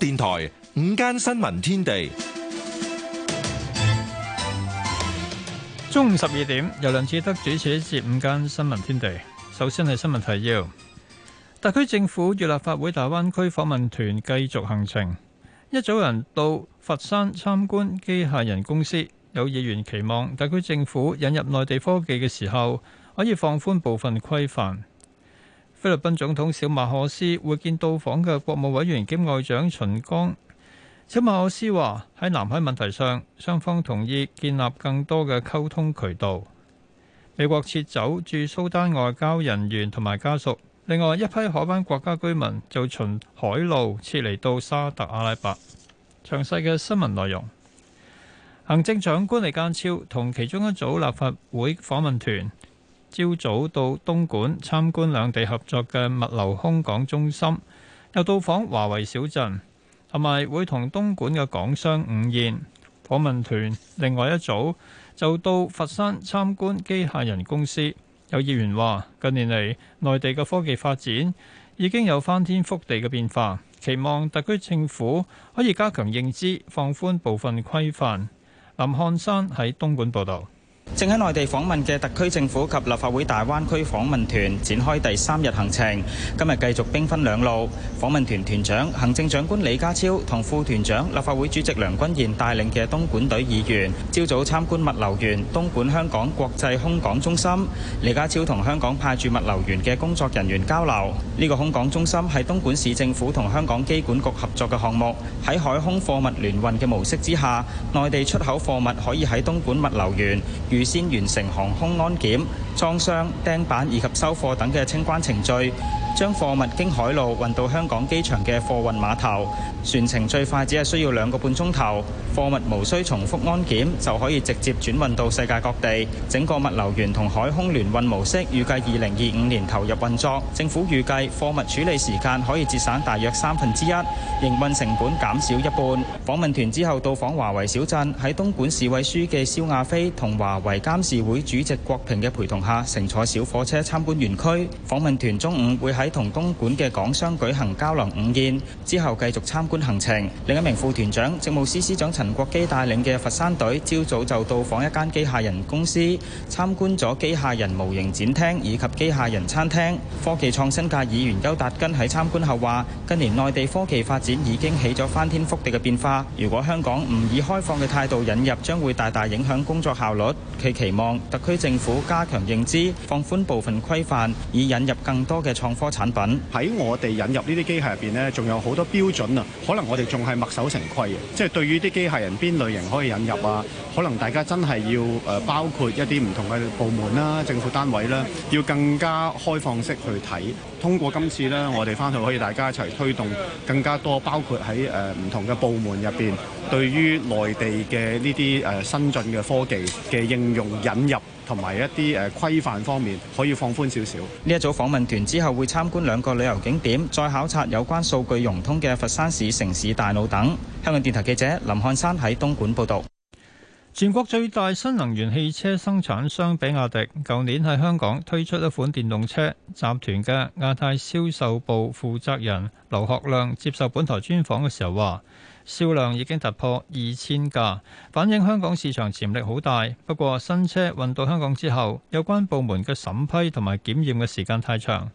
電台午間新聞天地，中午十二點由梁志德主持一節《午間新聞天地》。首先係新聞提要：特區政府與立法會大灣區訪問團繼續行程，一早人到佛山參觀機械人公司。有議員期望特區政府引入內地科技嘅時候，可以放寬部分規範。菲律賓總統小馬可斯會見到訪嘅國務委員兼外長秦剛。小馬可斯話喺南海問題上，雙方同意建立更多嘅溝通渠道。美國撤走駐蘇丹外交人員同埋家屬，另外一批海灣國家居民就從海路撤離到沙特阿拉伯。詳細嘅新聞內容，行政長官李家超同其中一組立法會訪問團。朝早到東莞參觀兩地合作嘅物流空港中心，又到訪華為小鎮，同埋會同東莞嘅港商午宴。訪問團另外一組就到佛山參觀機械人公司。有議員話近年嚟內地嘅科技發展已經有翻天覆地嘅變化，期望特區政府可以加強認知，放寬部分規範。林漢山喺東莞報道。正喺內地訪問嘅特區政府及立法會大灣區訪問團展開第三日行程，今日繼續兵分兩路。訪問團團長行政長官李家超同副團長立法會主席梁君彥帶領嘅東莞隊議員，朝早參觀物流園、東莞香港國際空港中心。李家超同香港派駐物流園嘅工作人員交流。呢個空港中心係東莞市政府同香港機管局合作嘅項目，喺海空貨物聯運嘅模式之下，內地出口貨物可以喺東莞物流園。預先完成航空安檢、裝箱、釘板以及收貨等嘅清關程序。將貨物經海路運到香港機場嘅貨運碼頭，船程最快只係需要兩個半鐘頭。貨物無需重複安檢，就可以直接轉運到世界各地。整個物流園同海空聯運模式預計二零二五年投入運作。政府預計貨物處理時間可以節省大約三分之一，營運成本減少一半。訪問團之後到訪華為小鎮，喺東莞市委書記肖亞非同華為監事會主席郭平嘅陪同下，乘坐小火車參觀園區。訪問團中午會喺同東莞嘅港商舉行交流午宴之後，繼續參觀行程。另一名副團長、政務司司長陳國基帶領嘅佛山隊，朝早就到訪一間機械人公司，參觀咗機械人模型展廳以及機械人餐廳。科技創新界議員邱達根喺參觀後話：近年內地科技發展已經起咗翻天覆地嘅變化，如果香港唔以開放嘅態度引入，將會大大影響工作效率。佢期望特區政府加強認知，放寬部分規範，以引入更多嘅創科。產品喺我哋引入呢啲機械入邊呢，仲有好多標準啊！可能我哋仲係墨守成規嘅，即係對於啲機械人邊類型可以引入啊？可能大家真係要誒包括一啲唔同嘅部門啦、政府單位啦，要更加開放式去睇。通過今次呢，我哋翻去可以大家一齊推動更加多，包括喺誒唔同嘅部門入邊，對於內地嘅呢啲誒新進嘅科技嘅應用引入。同埋一啲誒規範方面可以放寬少少。呢一組訪問團之後會參觀兩個旅遊景點，再考察有關數據融通嘅佛山市城市大腦等。香港電台記者林漢山喺東莞報道。全國最大新能源汽車生產商比亞迪，舊年喺香港推出一款電動車。集團嘅亞太銷售部負責人劉學亮接受本台專訪嘅時候話。銷量已經突破二千架，反映香港市場潛力好大。不過，新車運到香港之後，有關部門嘅審批同埋檢驗嘅時間太長。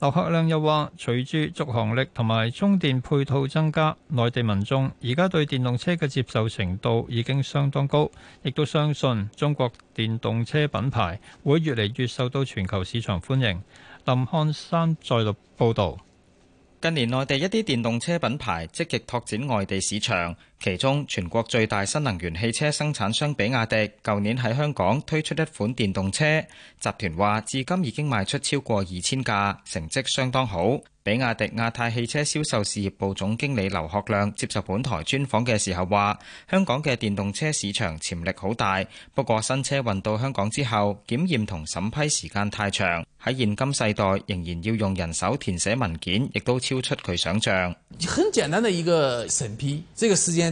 劉克亮又話：隨住續航力同埋充電配套增加，內地民眾而家對電動車嘅接受程度已經相當高，亦都相信中國電動車品牌會越嚟越受到全球市場歡迎。林漢山再度報導。近年，內地一啲電動車品牌積極拓展外地市場。其中，全國最大新能源汽車生產商比亞迪舊年喺香港推出一款電動車，集團話至今已經賣出超過二千架，成績相當好。比亞迪亞太汽車銷售事業部總經理劉學亮亮接受本台專訪嘅時候話：香港嘅電動車市場潛力好大，不過新車運到香港之後，檢驗同審批時間太長，喺現今世代仍然要用人手填寫文件，亦都超出佢想象。很簡單的一個審批，這個時間。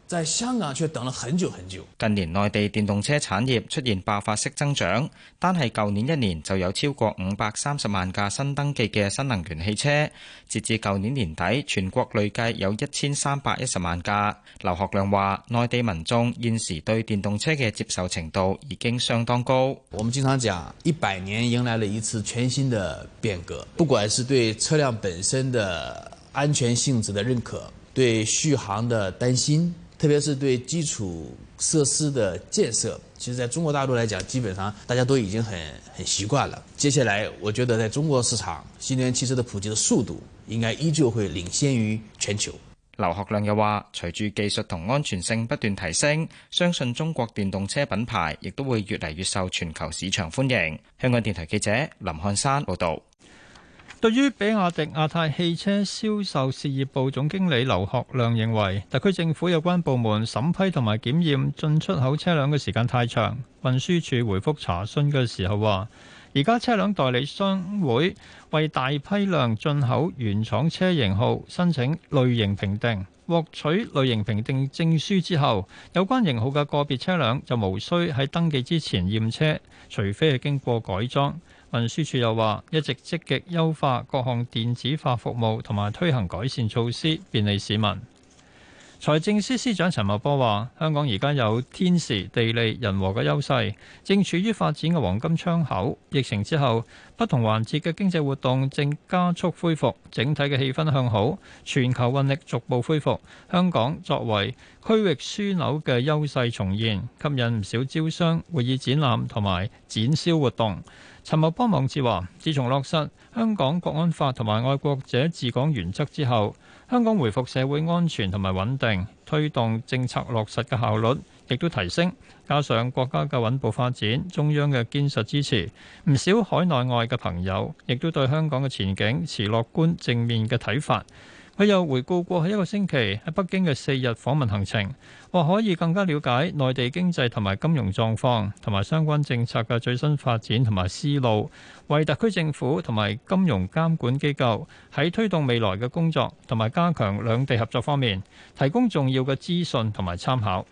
在香港卻等了很久很久。近年內地電動車產業出現爆發式增長，單係舊年一年就有超過五百三十萬架新登記嘅新能源汽車。截至舊年年底，全國累計有一千三百一十萬架。劉學亮話：內地民眾現時對電動車嘅接受程度已經相當高。我們經常講一百年迎來了一次全新的變革，不管是對車輛本身的安全性質的認可，對續航的擔心。特別是對基礎設施的建設，其實在中國大陸來講，基本上大家都已經很很習慣了。接下來，我覺得在中國市場，新能源汽車的普及的速度應該依舊會領先於全球。劉學亮又話，隨住技術同安全性不斷提升，相信中國電動車品牌亦都會越嚟越受全球市場歡迎。香港電台記者林漢山報道。對於比亞迪亞太汽車銷售事業部總經理劉學亮認為，特區政府有關部門審批同埋檢驗進出口車輛嘅時間太長。運輸署回覆查詢嘅時候話，而家車輛代理商會為大批量進口原廠車型號申請類型評定，獲取類型評定證書之後，有關型號嘅個別車輛就無需喺登記之前驗車，除非係經過改裝。運輸署又話，一直積極優化各項電子化服務，同埋推行改善措施，便利市民。財政司司長陳茂波話，香港而家有天時、地利、人和嘅優勢，正處於發展嘅黃金窗口。疫情之後，不同環節嘅經濟活動正加速恢復，整體嘅氣氛向好，全球運力逐步恢復，香港作為區域樞紐嘅優勢重現，吸引唔少招商、會議、展覽同埋展銷活動。陳茂波網誌話：自從落實香港國安法同埋愛國者治港原則之後，香港回復社會安全同埋穩定，推動政策落實嘅效率亦都提升。加上國家嘅穩步發展、中央嘅堅實支持，唔少海內外嘅朋友亦都對香港嘅前景持樂觀正面嘅睇法。佢又回顧過去一個星期喺北京嘅四日訪問行程，話可以更加了解內地經濟同埋金融狀況同埋相關政策嘅最新發展同埋思路，為特區政府同埋金融監管機構喺推動未來嘅工作同埋加強兩地合作方面提供重要嘅資訊同埋參考。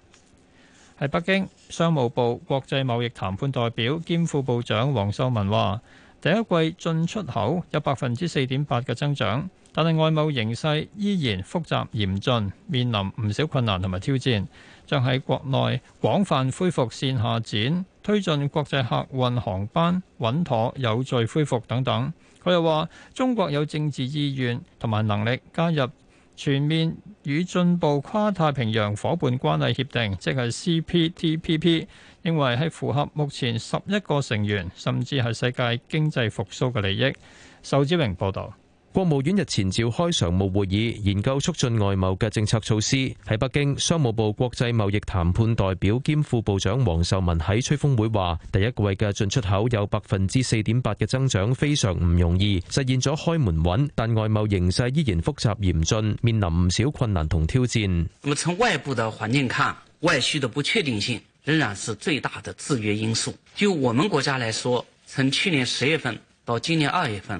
喺北京，商務部國際貿易談判代表兼副部長王受文話：第一季進出口有百分之四點八嘅增長。但係外貿形勢依然複雜嚴峻，面臨唔少困難同埋挑戰，將喺國內廣泛恢復綫下展，推進國際客運航班穩妥有序恢復等等。佢又話中國有政治意願同埋能力加入全面與進步跨太平洋夥伴關係協定，即係 CPTPP，認為係符合目前十一個成員，甚至係世界經濟復甦嘅利益。仇志榮報道。國務院日前召開常務會議，研究促進外貿嘅政策措施。喺北京，商務部國際貿易談判代表兼副部長王受文喺吹風會話：第一季嘅進出口有百分之四點八嘅增長，非常唔容易，實現咗開門穩。但外貿形勢依然複雜嚴峻，面臨唔少困難同挑戰。咁從外部的環境看，外需的不確定性仍然是最大的制約因素。就我們國家來說，從去年十月份到今年二月份。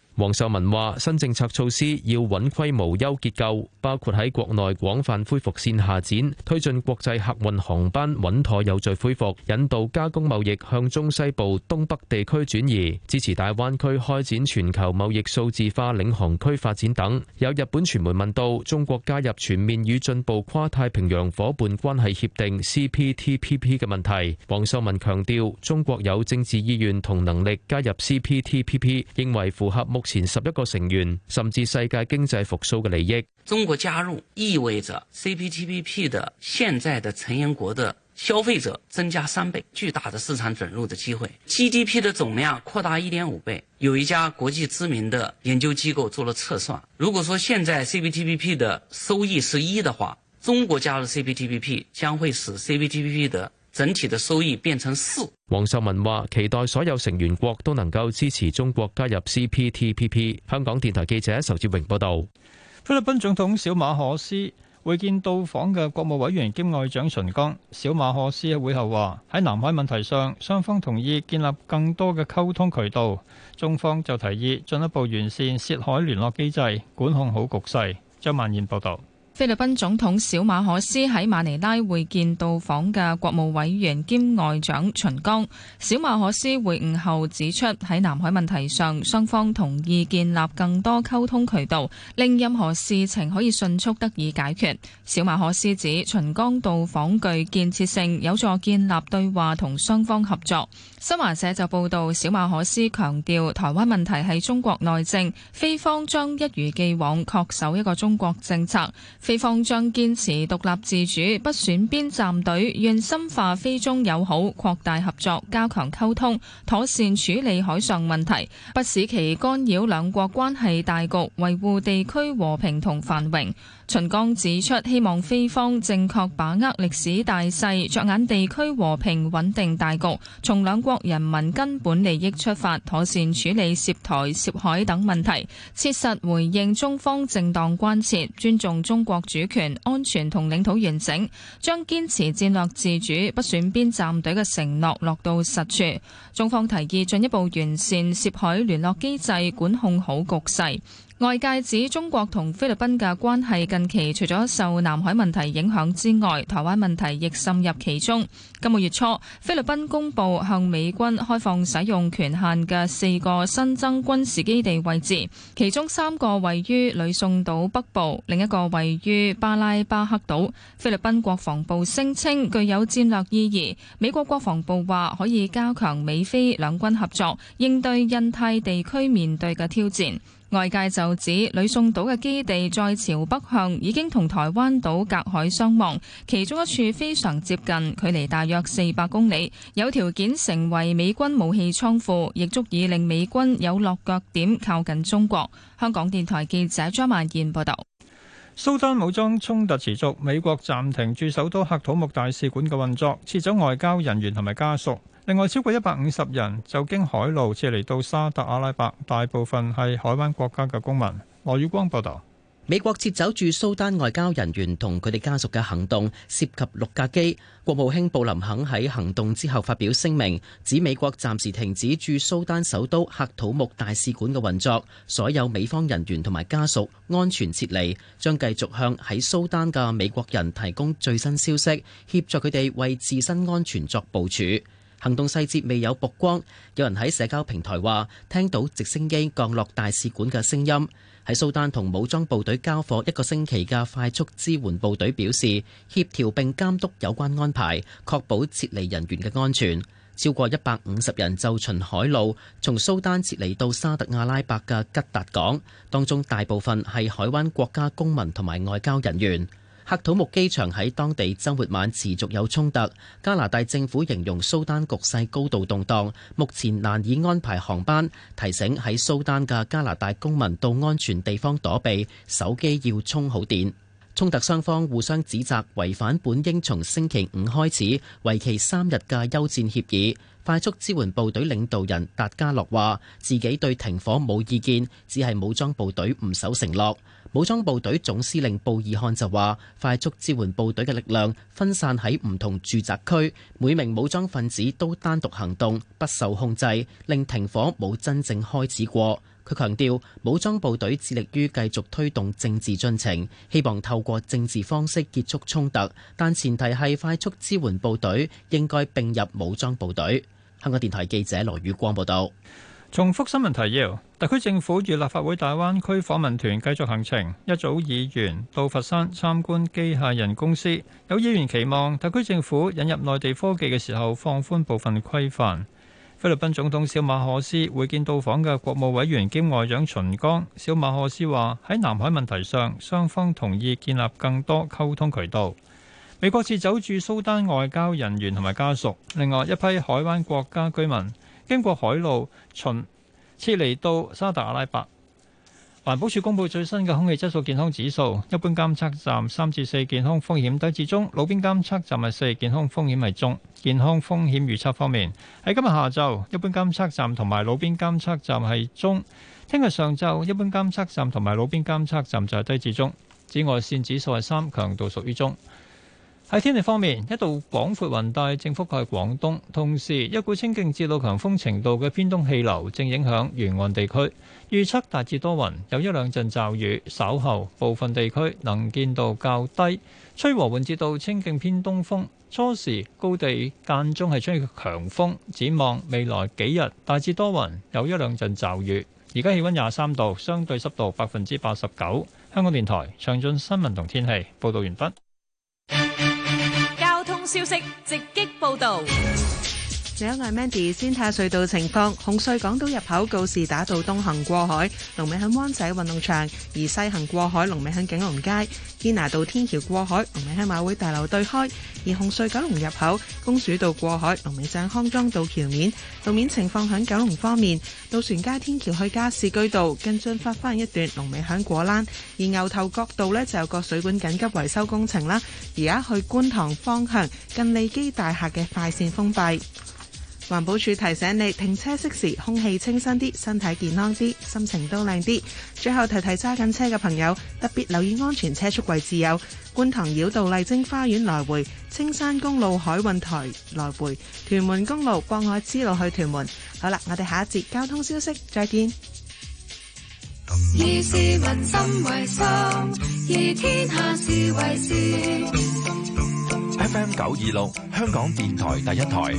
王秀文話：新政策措施要穩規模、優結構，包括喺國內廣泛恢復線下展，推進國際客運航班穩妥、有序恢復，引導加工貿易向中西部、東北地區轉移，支持大灣區開展全球貿易數字化領航區發展等。有日本傳媒問到中國加入全面與進步跨太平洋夥伴關係協定 （CPTPP） 嘅問題，王秀文強調中國有政治意願同能力加入 CPTPP，認為符合目。前十一個成員甚至世界經濟復甦嘅利益，中國加入意味着 CPTPP 的現在的成員國的消費者增加三倍，巨大的市場准入的機會，GDP 的總量擴大一點五倍。有一家國際知名的研究機構做了測算，如果說現在 CPTPP 的收益是一的話，中國加入 CPTPP 將會使 CPTPP 的。整體的收益變成四。黃秀文話期待所有成員國都能夠支持中國加入 CPTPP。香港電台記者仇志榮報道。菲律賓總統小馬可斯會見到訪嘅國務委員兼外長秦剛。小馬可斯喺會後話：喺南海問題上，雙方同意建立更多嘅溝通渠道。中方就提議進一步完善涉海聯絡機制，管控好局勢，張萬燕報道。菲律賓總統小馬可斯喺馬尼拉會見到訪嘅國務委員兼外長秦剛。小馬可斯會晤後指出，喺南海問題上，雙方同意建立更多溝通渠道，令任何事情可以迅速得以解決。小馬可斯指秦剛到訪具建設性，有助建立對話同雙方合作。新華社就報導，小馬可斯強調台灣問題係中國內政，菲方將一如既往確守一個中國政策。菲方將堅持獨立自主，不選邊站隊，願深化菲中友好，擴大合作，加強溝通，妥善處理海上問題，不使其干擾兩國關係大局，維護地區和平同繁榮。秦剛指出，希望菲方正確把握歷史大勢，着眼地區和平穩定大局，從兩國人民根本利益出發，妥善處理涉台涉海等問題，切實回應中方正當關切，尊重中國主權安全同領土完整，將堅持戰略自主、不選邊站隊嘅承諾落，落到實處，中方提議進一步完善涉海聯絡機制，管控好局勢。外界指中國同菲律賓嘅關係近期除咗受南海問題影響之外，台灣問題亦滲入其中。今個月初，菲律賓公布向美軍開放使用權限嘅四個新增軍事基地位置，其中三個位於呂宋島北部，另一個位於巴拉巴克島。菲律賓國防部聲稱具有戰略意義，美國國防部話可以加強美菲兩軍合作，應對印太地區面對嘅挑戰。外界就指，呂宋島嘅基地再朝北向已經同台灣島隔海相望，其中一處非常接近，距離大約四百公里，有條件成為美軍武器倉庫，亦足以令美軍有落腳點靠近中國，香港電台記者張曼燕報道。蘇丹武裝衝突持續，美國暫停駐首都喀土木大使館嘅運作，撤走外交人員同埋家屬。另外，超過一百五十人就經海路撤離到沙特阿拉伯，大部分係海灣國家嘅公民。羅宇光報道。美國撤走駐蘇丹外交人員同佢哋家屬嘅行動涉及六架機。國務卿布林肯喺行動之後發表聲明，指美國暫時停止駐蘇丹首都喀土木大使館嘅運作，所有美方人員同埋家屬安全撤離，將繼續向喺蘇丹嘅美國人提供最新消息，協助佢哋為自身安全作部署。行動細節未有曝光，有人喺社交平台話聽到直升機降落大使館嘅聲音。喺蘇丹同武裝部隊交火一個星期嘅快速支援部隊表示，協調並監督有關安排，確保撤離人員嘅安全。超過一百五十人就循海路從蘇丹撤離到沙特阿拉伯嘅吉達港，當中大部分係海灣國家公民同埋外交人員。黑土木機場喺當地周末晚持續有衝突，加拿大政府形容蘇丹局勢高度動盪，目前難以安排航班，提醒喺蘇丹嘅加拿大公民到安全地方躲避，手機要充好電。衝突雙方互相指責違反本應從星期五開始，為期三日嘅休戰協議，快速支援部隊領導人達加洛話自己對停火冇意見，只係武裝部隊唔守承諾。武裝部隊總司令布爾漢就話：快速支援部隊嘅力量分散喺唔同住宅區，每名武裝分子都單獨行動，不受控制，令停火冇真正開始過。佢強調，武裝部隊致力於繼續推動政治進程，希望透過政治方式結束衝突，但前提係快速支援部隊應該並入武裝部隊。香港電台記者羅宇光報道。重複新聞提要：特區政府與立法會大灣區訪問團繼續行程，一組議員到佛山參觀機械人公司。有議員期望特區政府引入內地科技嘅時候放寬部分規範。菲律賓總統小馬可斯會見到訪嘅國務委員兼外長秦剛。小馬可斯話喺南海問題上，雙方同意建立更多溝通渠道。美國撤走駐蘇丹外交人員同埋家屬，另外一批海灣國家居民。經過海路巡，循撤離到沙特阿拉伯。環保署公布最新嘅空氣質素健康指數，一般監測站三至四，健康風險低至中，路邊監測站係四，健康風險係中。健康風險預測方面，喺今日下晝，一般監測站同埋路邊監測站係中；聽日上晝，一般監測站同埋路邊監測站就係低至中。紫外線指數係三，強度屬於中。喺天氣方面，一道廣闊雲帶正覆蓋廣東，同時一股清勁至到強風程度嘅偏東氣流正影響沿岸地區。預測大致多雲，有一兩陣驟雨，稍後部分地區能見度較低，吹和緩至到清勁偏東風。初時高地間中係出現強風。展望未來幾日，大致多雲，有一兩陣驟雨。而家氣温廿三度，相對濕度百分之八十九。香港電台長進新聞同天氣報導完畢。消息直擊報導。嚟咗，我 Mandy 先睇下隧道情況。紅隧港島入口告士打道東行過海，龍尾喺灣仔運動場；而西行過海，龍尾喺景隆街。堅拿道天橋過海，龍尾喺馬會大樓對開。而紅隧九龍入口，公主道過海，龍尾喺康莊道橋面。路面情況喺九龍方面，渡船街天橋去加士居道近將翻翻一段，龍尾喺果欄。而牛頭角道呢就有個水管緊急維修工程啦。而家去觀塘方向近利基大廈嘅快線封閉。環保署提醒你停車熄匙，空氣清新啲，身體健康啲，心情都靚啲。最後提提揸緊車嘅朋友，特別留意安全車速。貴自有觀塘繞道麗晶花園來回，青山公路海運台來回，屯門公路國外支路去屯門。好啦，我哋下一節交通消息再見。以市民心為心，以天下事為 FM 九二六，香港電台第一台。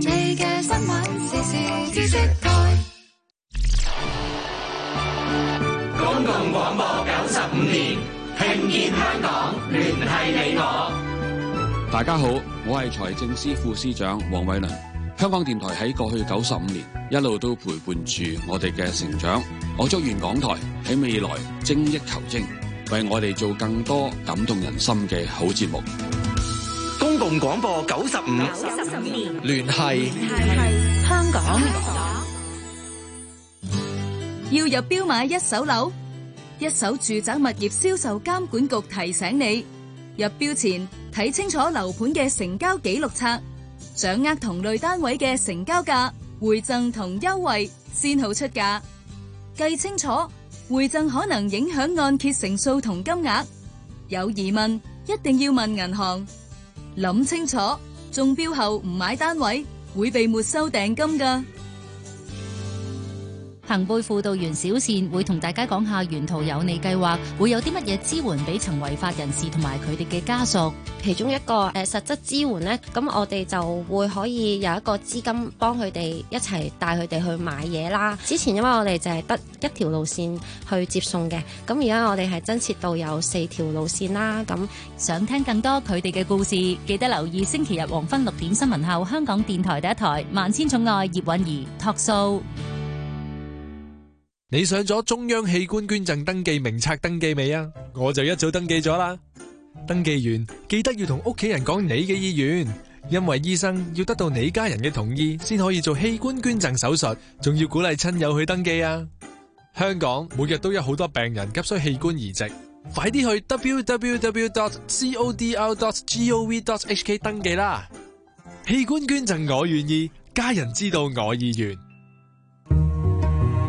你嘅新聞資訊台。公共廣播九十五年，聽見香港，聯繫你我。大家好，我係財政司副司長黃偉綸，香港電台喺過去九十五年一路都陪伴住我哋嘅成長，我祝願港台喺未來精益求精，為我哋做更多感動人心嘅好節目。公共廣播九十五聯係香港。要入標買一手樓，一手住宅物業銷售監管局提醒你入標前睇清楚樓盤嘅成交記錄冊，掌握同類單位嘅成交價、回贈同優惠先好出價。計清楚回贈可能影響按揭成數同金額。有疑問一定要問銀行。諗清楚，中標後唔買單位會被沒收訂金㗎。行背輔導員小倩會同大家講下，沿途有你計劃會有啲乜嘢支援俾曾違法人士同埋佢哋嘅家屬。其中一個誒實質支援呢，咁我哋就會可以有一個資金幫佢哋一齊帶佢哋去買嘢啦。之前因為我哋就係得一條路線去接送嘅，咁而家我哋係增設到有四條路線啦。咁想聽更多佢哋嘅故事，記得留意星期日黃昏六點新聞後，香港電台第一台《萬千寵愛》葉韻儀 Talk Show。你上咗中央器官捐贈登記名冊登記未啊？我就一早登記咗啦。登記完記得要同屋企人講你嘅意願，因為醫生要得到你家人嘅同意先可以做器官捐贈手術。仲要鼓勵親友去登記啊！香港每日都有好多病人急需器官移植，快啲去 www.codr.gov.hk 登記啦！器官捐贈我願意，家人知道我意願。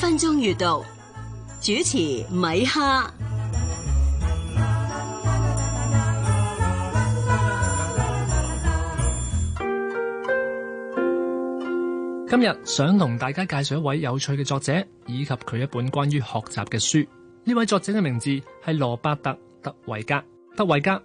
分鐘閱讀主持米哈，今日想同大家介紹一位有趣嘅作者以及佢一本關於學習嘅書。呢位作者嘅名字係羅伯特德維格。德維格。